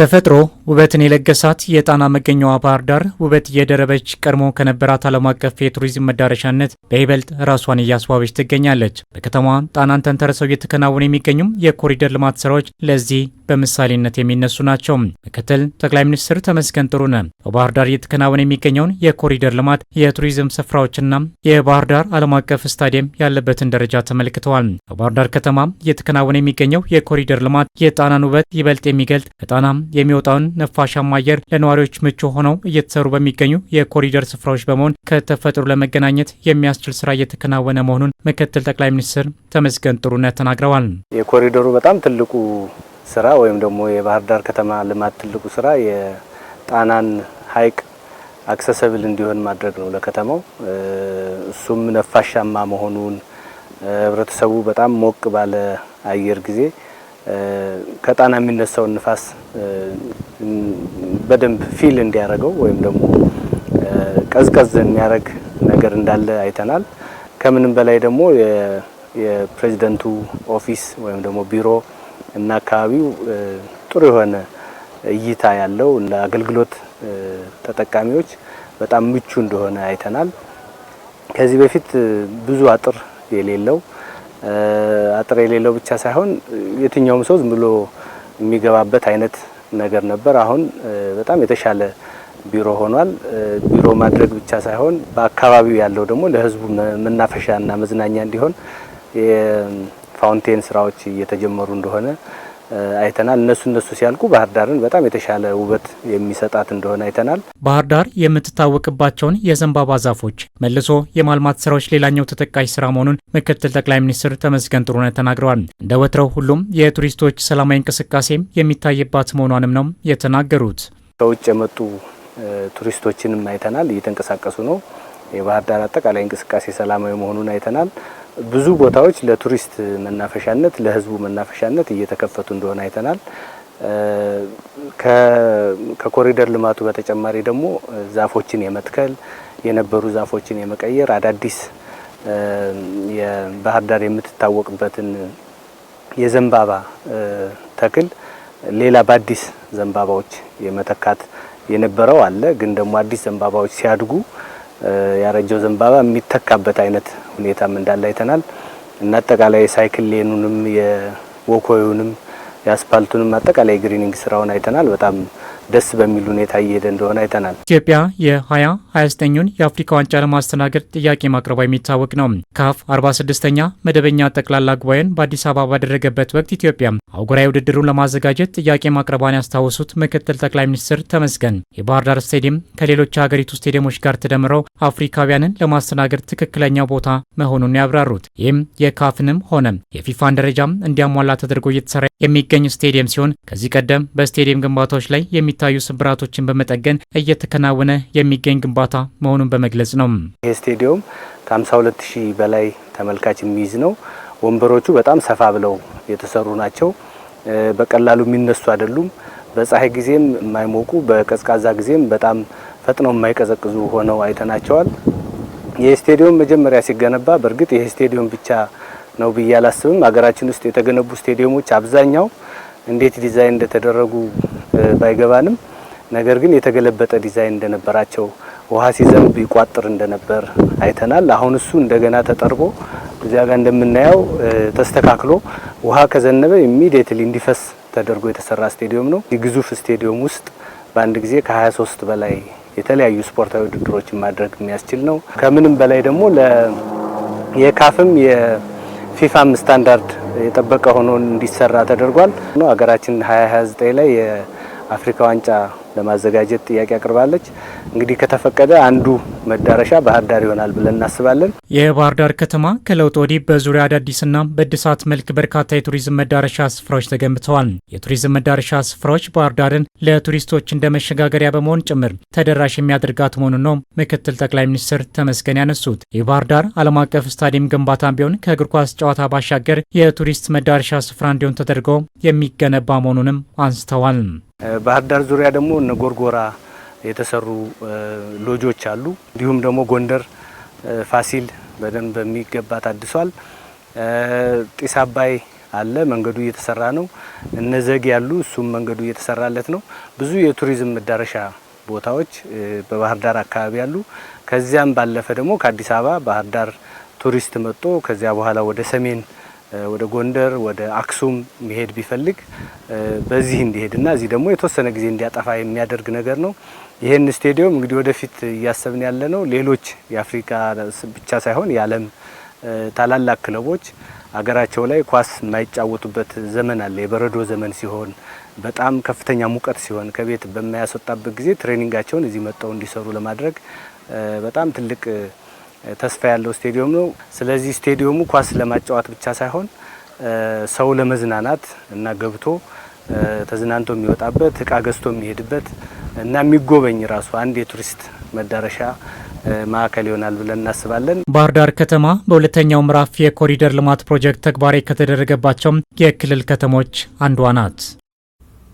ተፈጥሮ ውበትን የለገሳት የጣና መገኛዋ ባህር ዳር ውበት እየደረበች ቀድሞ ከነበራት ዓለም አቀፍ የቱሪዝም መዳረሻነት በይበልጥ ራሷን እያስዋበች ትገኛለች። በከተማዋ ጣናን ተንተርሰው እየተከናወኑ የሚገኙም የኮሪደር ልማት ስራዎች ለዚህ በምሳሌነት የሚነሱ ናቸው። ምክትል ጠቅላይ ሚኒስትር ተመስገን ጥሩነህ በባህር ዳር እየተከናወነ የሚገኘውን የኮሪደር ልማት የቱሪዝም ስፍራዎችና የባህር ዳር ዓለም አቀፍ ስታዲየም ያለበትን ደረጃ ተመልክተዋል። በባህር ዳር ከተማ እየተከናወነ የሚገኘው የኮሪደር ልማት የጣናን ውበት ይበልጥ የሚገልጥ ከጣናም የሚወጣውን ነፋሻማ አየር ለነዋሪዎች ምቹ ሆነው እየተሰሩ በሚገኙ የኮሪደር ስፍራዎች በመሆን ከተፈጥሮ ለመገናኘት የሚያስችል ስራ እየተከናወነ መሆኑን ምክትል ጠቅላይ ሚኒስትር ተመስገን ጥሩነህ ተናግረዋል። የኮሪደሩ በጣም ትልቁ ስራ ወይም ደግሞ የባህር ዳር ከተማ ልማት ትልቁ ስራ የጣናን ሀይቅ አክሰሰብል እንዲሆን ማድረግ ነው ለከተማው። እሱም ነፋሻማ መሆኑን ህብረተሰቡ በጣም ሞቅ ባለ አየር ጊዜ ከጣና የሚነሳውን ንፋስ በደንብ ፊል እንዲያደርገው ወይም ደግሞ ቀዝቀዝ የሚያደርግ ነገር እንዳለ አይተናል። ከምንም በላይ ደግሞ የፕሬዚደንቱ ኦፊስ ወይም ደግሞ ቢሮ እና አካባቢው ጥሩ የሆነ እይታ ያለው ለአገልግሎት ተጠቃሚዎች በጣም ምቹ እንደሆነ አይተናል። ከዚህ በፊት ብዙ አጥር የሌለው አጥር የሌለው ብቻ ሳይሆን የትኛውም ሰው ዝም ብሎ የሚገባበት አይነት ነገር ነበር። አሁን በጣም የተሻለ ቢሮ ሆኗል። ቢሮ ማድረግ ብቻ ሳይሆን በአካባቢው ያለው ደግሞ መናፈሻ መናፈሻና መዝናኛ እንዲሆን የፋውንቴን ስራዎች እየተጀመሩ እንደሆነ አይተናል። እነሱ እነሱ ሲያልቁ ባህር ዳርን በጣም የተሻለ ውበት የሚሰጣት እንደሆነ አይተናል። ባህር ዳር የምትታወቅባቸውን የዘንባባ ዛፎች መልሶ የማልማት ስራዎች ሌላኛው ተጠቃሽ ስራ መሆኑን ምክትል ጠቅላይ ሚኒስትር ተመስገን ጥሩነህ ተናግረዋል። እንደ ወትረው ሁሉም የቱሪስቶች ሰላማዊ እንቅስቃሴም የሚታይባት መሆኗንም ነው የተናገሩት። ከውጭ የመጡ ቱሪስቶችንም አይተናል፣ እየተንቀሳቀሱ ነው። የባህር ዳር አጠቃላይ እንቅስቃሴ ሰላማዊ መሆኑን አይተናል። ብዙ ቦታዎች ለቱሪስት መናፈሻነት ለህዝቡ መናፈሻነት እየተከፈቱ እንደሆነ አይተናል። ከኮሪደር ልማቱ በተጨማሪ ደግሞ ዛፎችን የመትከል የነበሩ ዛፎችን የመቀየር አዳዲስ የባህር ዳር የምትታወቅበትን የዘንባባ ተክል ሌላ በአዲስ ዘንባባዎች የመተካት የነበረው አለ። ግን ደግሞ አዲስ ዘንባባዎች ሲያድጉ ያረጀው ዘንባባ የሚተካበት አይነት ሁኔታም እንዳለ አይተናል እና አጠቃላይ ሳይክል ሌኑንም የወኮዩንም የአስፓልቱንም አጠቃላይ ግሪኒንግ ስራውን አይተናል። በጣም ደስ በሚል ሁኔታ እየሄደ እንደሆነ አይተናል። ኢትዮጵያ የ2029ኙን የአፍሪካ ዋንጫ ለማስተናገድ ጥያቄ ማቅረቧ የሚታወቅ ነው። ካፍ 46ኛ መደበኛ ጠቅላላ ጉባኤን በአዲስ አበባ ባደረገበት ወቅት ኢትዮጵያ አህጉራዊ ውድድሩን ለማዘጋጀት ጥያቄ ማቅረቧን ያስታወሱት ምክትል ጠቅላይ ሚኒስትር ተመስገን የባህር ዳር ስቴዲየም ከሌሎች ሀገሪቱ ስቴዲየሞች ጋር ተደምረው አፍሪካውያንን ለማስተናገድ ትክክለኛው ቦታ መሆኑን ያብራሩት ይህም የካፍንም ሆነ የፊፋን ደረጃም እንዲያሟላ ተደርጎ እየተሰራ የሚገኝ ስቴዲየም ሲሆን ከዚህ ቀደም በስቴዲየም ግንባታዎች ላይ የሚ የሚታዩ ስብራቶችን በመጠገን እየተከናወነ የሚገኝ ግንባታ መሆኑን በመግለጽ ነው። ይህ ስቴዲየም ከ52 በላይ ተመልካች የሚይዝ ነው። ወንበሮቹ በጣም ሰፋ ብለው የተሰሩ ናቸው። በቀላሉ የሚነሱ አይደሉም። በፀሐይ ጊዜም የማይሞቁ በቀዝቃዛ ጊዜም በጣም ፈጥነው የማይቀዘቅዙ ሆነው አይተናቸዋል። ይህ ስቴዲየም መጀመሪያ ሲገነባ በእርግጥ ይህ ስቴዲየም ብቻ ነው ብዬ አላስብም። ሀገራችን ውስጥ የተገነቡ ስቴዲየሞች አብዛኛው እንዴት ዲዛይን እንደተደረጉ ባይገባንም ነገር ግን የተገለበጠ ዲዛይን እንደነበራቸው ውሃ ሲዘንብ ይቋጥር እንደነበር አይተናል። አሁን እሱ እንደገና ተጠርቦ እዚያ ጋር እንደምናየው ተስተካክሎ ውሃ ከዘነበ ኢሚዲየትሊ እንዲፈስ ተደርጎ የተሰራ ስቴዲየም ነው። ግዙፍ ስቴዲየም ውስጥ በአንድ ጊዜ ከ23 በላይ የተለያዩ ስፖርታዊ ውድድሮችን ማድረግ የሚያስችል ነው። ከምንም በላይ ደግሞ የካፍም የፊፋም ስታንዳርድ የጠበቀ ሆኖ እንዲሰራ ተደርጓል። ሀገራችን 2029 ላይ የአፍሪካ ዋንጫ ለማዘጋጀት ጥያቄ አቅርባለች። እንግዲህ ከተፈቀደ አንዱ መዳረሻ ባህር ዳር ይሆናል ብለን እናስባለን። የባህር ዳር ከተማ ከለውጥ ወዲህ በዙሪያ አዳዲስና በእድሳት መልክ በርካታ የቱሪዝም መዳረሻ ስፍራዎች ተገንብተዋል። የቱሪዝም መዳረሻ ስፍራዎች ባህር ዳርን ለቱሪስቶች እንደ መሸጋገሪያ በመሆን ጭምር ተደራሽ የሚያደርጋት መሆኑን ነው ምክትል ጠቅላይ ሚኒስትር ተመስገን ያነሱት። የባህር ዳር ዓለም አቀፍ ስታዲየም ግንባታ ቢሆን ከእግር ኳስ ጨዋታ ባሻገር የቱሪስት መዳረሻ ስፍራ እንዲሆን ተደርጎ የሚገነባ መሆኑንም አንስተዋል። ባህር ዳር ዙሪያ ደግሞ እነ ጎርጎራ የተሰሩ ሎጆች አሉ። እንዲሁም ደግሞ ጎንደር ፋሲል በደንብ በሚገባ ታድሷል። ጢስ አባይ አለ፣ መንገዱ እየተሰራ ነው። እነዘግ ያሉ እሱም መንገዱ እየተሰራለት ነው። ብዙ የቱሪዝም መዳረሻ ቦታዎች በባህር ዳር አካባቢ አሉ። ከዚያም ባለፈ ደግሞ ከአዲስ አበባ ባህር ዳር ቱሪስት መጥቶ ከዚያ በኋላ ወደ ሰሜን ወደ ጎንደር ወደ አክሱም መሄድ ቢፈልግ በዚህ እንዲሄድና እዚህ ደግሞ የተወሰነ ጊዜ እንዲያጠፋ የሚያደርግ ነገር ነው። ይህን ስቴዲየም እንግዲህ ወደፊት እያሰብን ያለ ነው። ሌሎች የአፍሪካ ብቻ ሳይሆን የዓለም ታላላቅ ክለቦች አገራቸው ላይ ኳስ የማይጫወቱበት ዘመን አለ። የበረዶ ዘመን ሲሆን በጣም ከፍተኛ ሙቀት ሲሆን ከቤት በማያስወጣበት ጊዜ ትሬኒንጋቸውን እዚህ መጥተው እንዲሰሩ ለማድረግ በጣም ትልቅ ተስፋ ያለው ስቴዲየም ነው። ስለዚህ ስቴዲየሙ ኳስ ለማጫወት ብቻ ሳይሆን ሰው ለመዝናናት እና ገብቶ ተዝናንቶ የሚወጣበት እቃ ገዝቶ የሚሄድበት እና የሚጎበኝ ራሱ አንድ የቱሪስት መዳረሻ ማዕከል ይሆናል ብለን እናስባለን። ባህር ዳር ከተማ በሁለተኛው ምዕራፍ የኮሪደር ልማት ፕሮጀክት ተግባራዊ ከተደረገባቸው የክልል ከተሞች አንዷ ናት።